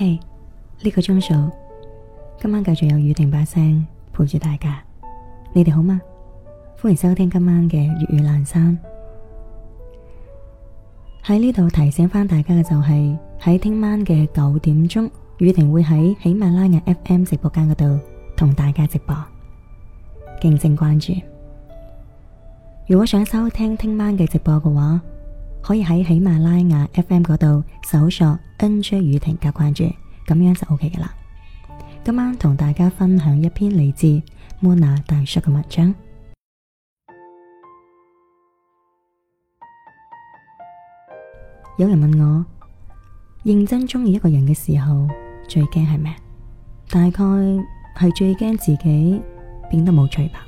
嘿，呢、hey, 個鐘數，今晚繼續有宇婷把聲陪住大家。你哋好嗎？歡迎收聽今晚嘅粵語闌珊。喺呢度提醒翻大家嘅就係喺聽晚嘅九點鐘，宇婷會喺喜馬拉雅 FM 直播間嗰度同大家直播，敬請關注。如果想收聽聽晚嘅直播嘅話，可以喺喜馬拉雅 FM 嗰度搜索 NJ 宇婷加關注，咁樣就 OK 噶啦。今晚同大家分享一篇來自 m o 莫娜大叔嘅文章。 有人問我，認真中意一個人嘅時候，最驚係咩？大概係最驚自己變得無趣吧。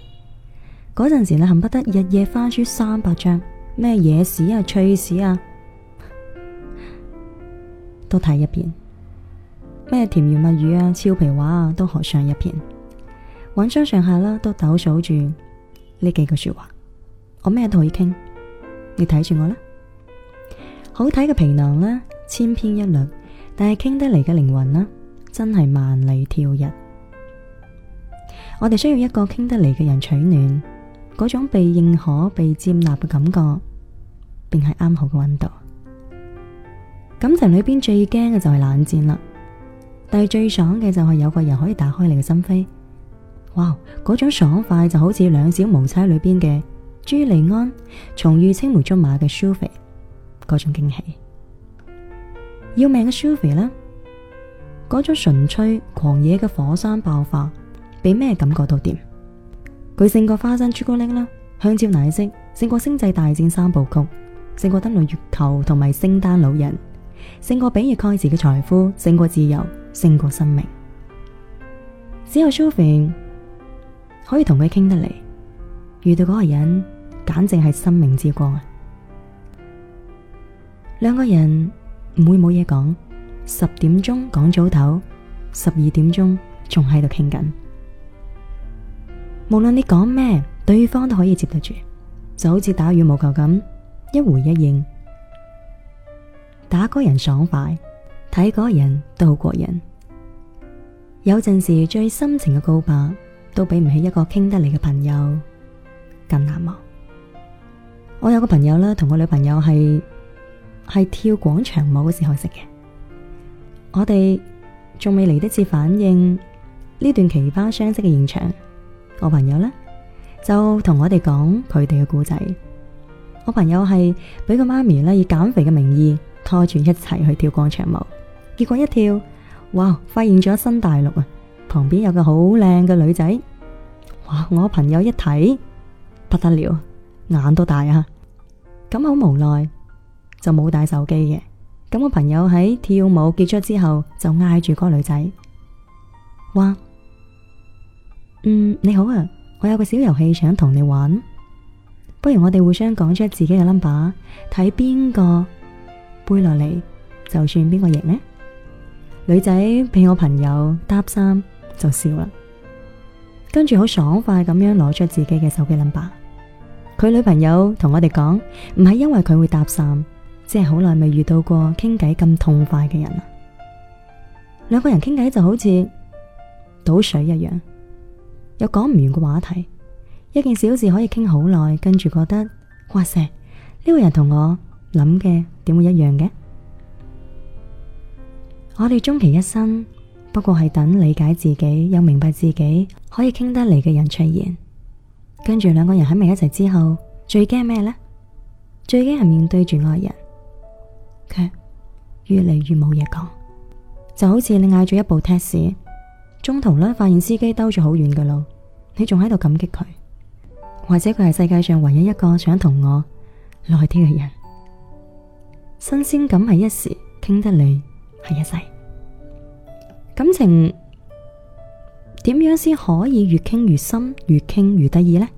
嗰陣時你恨不得日夜翻出三百章。咩野史啊、趣史啊，都睇一遍；咩甜言蜜語啊、俏皮話啊，都學上一遍。渾身上下啦、啊，都抖擻住呢幾句說話。我咩都可以傾，你睇住我啦。好睇嘅皮囊啦，千篇一律；但係傾得嚟嘅靈魂啦，真係萬里挑一。我哋需要一個傾得嚟嘅人取暖，嗰種被認可、被接納嘅感覺。便係啱好嘅溫度。感情裏邊最驚嘅就係冷戰啦，但係最爽嘅就係有個人可以打開你嘅心扉。哇，嗰種爽快就好似兩小無猜裏邊嘅朱利安，重遇青梅竹馬嘅蘇菲，嗰種驚喜。要命嘅蘇菲啦，嗰種純粹狂野嘅火山爆發，俾咩感覺都掂。佢勝過花生朱古力啦，香蕉奶昔勝過星際大戰三部曲。勝過登陸月球同埋聖誕老人，勝過比爾蓋茨嘅財富，勝過自由，勝過生命。只有蘇菲可以同佢傾得嚟，遇到嗰個人簡直係生命之光啊！兩個人唔會冇嘢講，十點鐘講早唞，十二點鐘仲喺度傾緊。無論你講咩，對方都可以接得住，就好似打羽毛球咁。一回一應，打嗰人爽快，睇嗰人都好過癮。有陣時最深情嘅告白，都比唔起一個傾得嚟嘅朋友更難忘。我有個朋友啦，同我女朋友係係跳廣場舞嘅時候識嘅。我哋仲未嚟得切反應呢段奇葩相識嘅現場，我朋友呢，就同我哋講佢哋嘅故仔。我朋友係俾個媽咪呢以減肥嘅名義拖住一齊去跳廣場舞，結果一跳，哇！發現咗新大陸啊！旁邊有個好靚嘅女仔，哇！我朋友一睇不得了，眼都大啊！咁好無奈就冇帶手機嘅，咁我朋友喺跳舞結束之後就嗌住個女仔，哇，嗯你好啊，我有個小遊戲想同你玩。不如我哋互相講出自己嘅 number，睇邊個背落嚟，就算邊個贏呢？女仔俾我朋友搭訕就笑啦，跟住好爽快咁樣攞出自己嘅手機 number。佢女朋友同我哋講，唔係因為佢會搭訕，即係好耐未遇到過傾偈咁痛快嘅人啊。兩個人傾偈就好似倒水一樣，有講唔完嘅話題。一件小事可以傾好耐，跟住覺得哇塞，呢個人同我諗嘅點會一樣嘅？我哋終其一生不過係等理解自己，又明白自己可以傾得嚟嘅人出現。跟住兩個人喺埋一齊之後，最驚咩呢？最驚係面對住愛人，卻越嚟越冇嘢講，就好似你嗌咗一部 taxi 中途呢，發現司機兜咗好遠嘅路，你仲喺度感激佢。或者佢係世界上唯一一個想同我耐啲嘅人。新鮮感係一時，傾得嚟係一世。感情點樣先可以越傾越深，越傾越得意呢？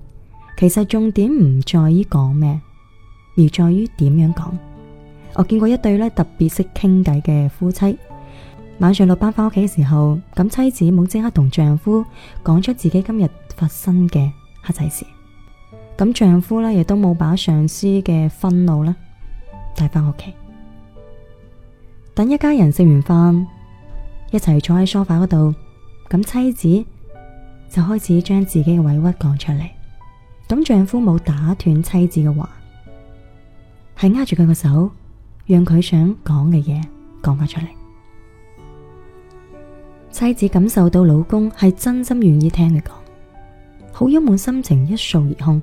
其實重點唔在於講咩，而在於點樣講。我見過一對咧特別識傾偈嘅夫妻，晚上落班返屋企嘅時候，咁妻子冇即刻同丈夫講出自己今日發生嘅黑仔事。咁丈夫呢，亦都冇把上司嘅憤怒咧帶翻屋企。等一家人食完飯，一齊坐喺梳化嗰度。咁妻子就開始將自己嘅委屈講出嚟。咁丈夫冇打斷妻子嘅話，係握住佢嘅手，讓佢想講嘅嘢講翻出嚟。妻子感受到老公係真心願意聽佢講，好鬱悶心情一掃而空。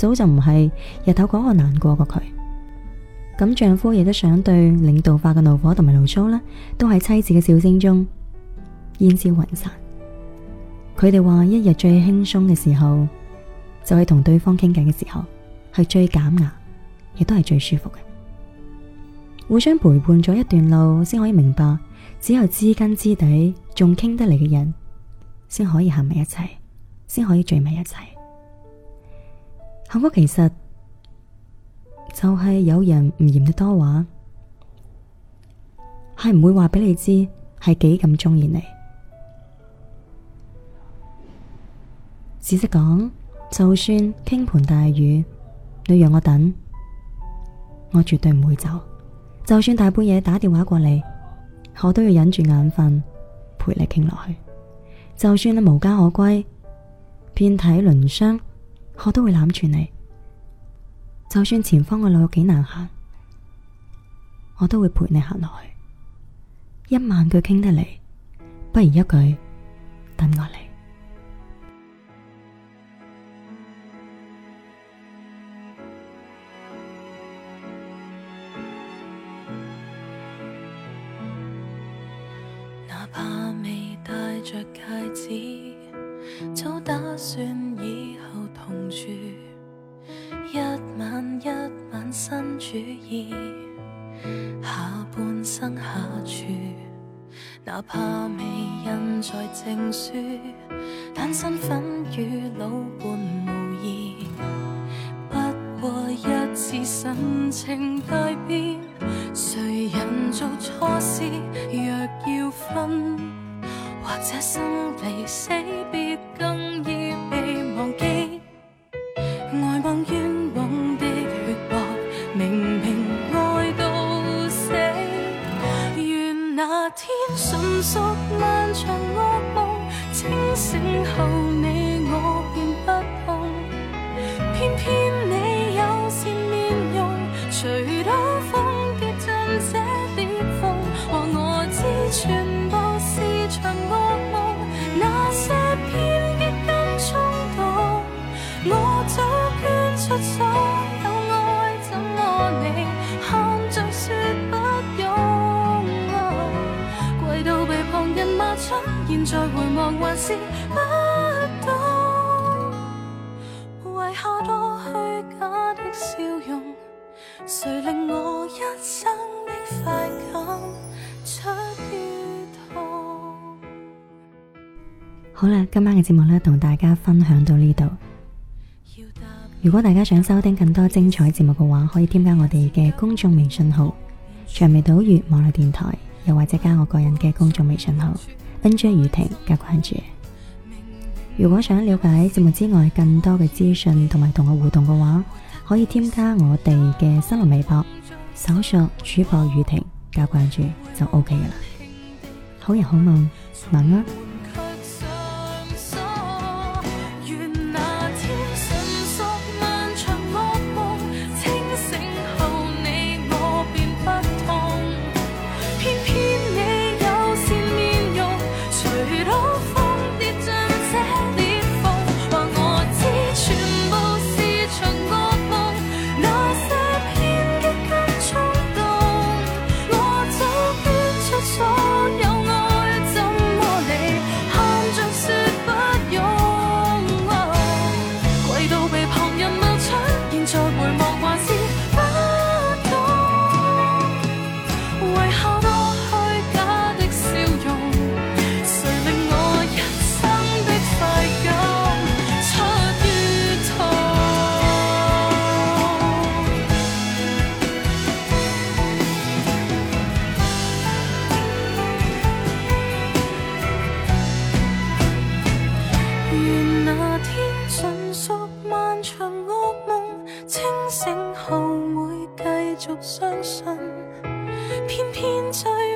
早就唔係日頭嗰個難過過佢，咁丈夫亦都想對領導化嘅怒火同埋牢騷呢，都喺妻子嘅笑聲中煙消雲散。佢哋話，一日最輕鬆嘅時候就係同對方傾偈嘅時候，係、就是、最減壓，亦都係最舒服嘅。互相陪伴咗一段路，先可以明白，只有知根知底、仲傾得嚟嘅人，先可以行埋一齊，先可以聚埋一齊。幸福其實就係有人唔嫌得多話，係唔會話俾你知係幾咁鍾意你。只識講，就算傾盆大雨，你讓我等，我絕對唔會走。就算大半夜打電話過嚟，我都要忍住眼瞓陪你傾落去。就算你無家可歸，遍體鱗傷。我都會攬住你，就算前方嘅路有幾難行，我都會陪你行落去。一萬句傾得嚟，不如一句等我嚟。哪怕未帶着戒指，哪怕未印在證書，但身份與老伴無異。不過一次神情大變，誰人做錯事？若要分，或者生離死別更易被忘記，愛望遠。熟漫長噩夢清醒後，你我便不痛。偏偏你有善面容，隨刀鋒跌進這裂縫，和我之處。好啦，今晚嘅節目呢，同大家分享到呢度。如果大家想收聽更多精彩節目嘅話，可以添加我哋嘅公眾微信號“長尾島嶼網絡電台”，又或者加我個人嘅公眾微信號。文章 NJ 宇婷加關注。如果想了解節目之外更多嘅資訊同埋同我互動嘅話，可以添加我哋嘅新浪微博，搜索主播宇婷加關注就 OK 嘅啦。好人好夢，晚安。醒後會繼續相信，偏偏醉。